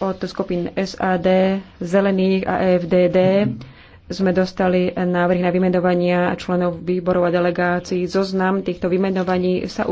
od skupín SAD, Zelených a EFDD sme dostali návrh na vymenovania členov výborov a delegácií. Zoznam týchto vymenovaní sa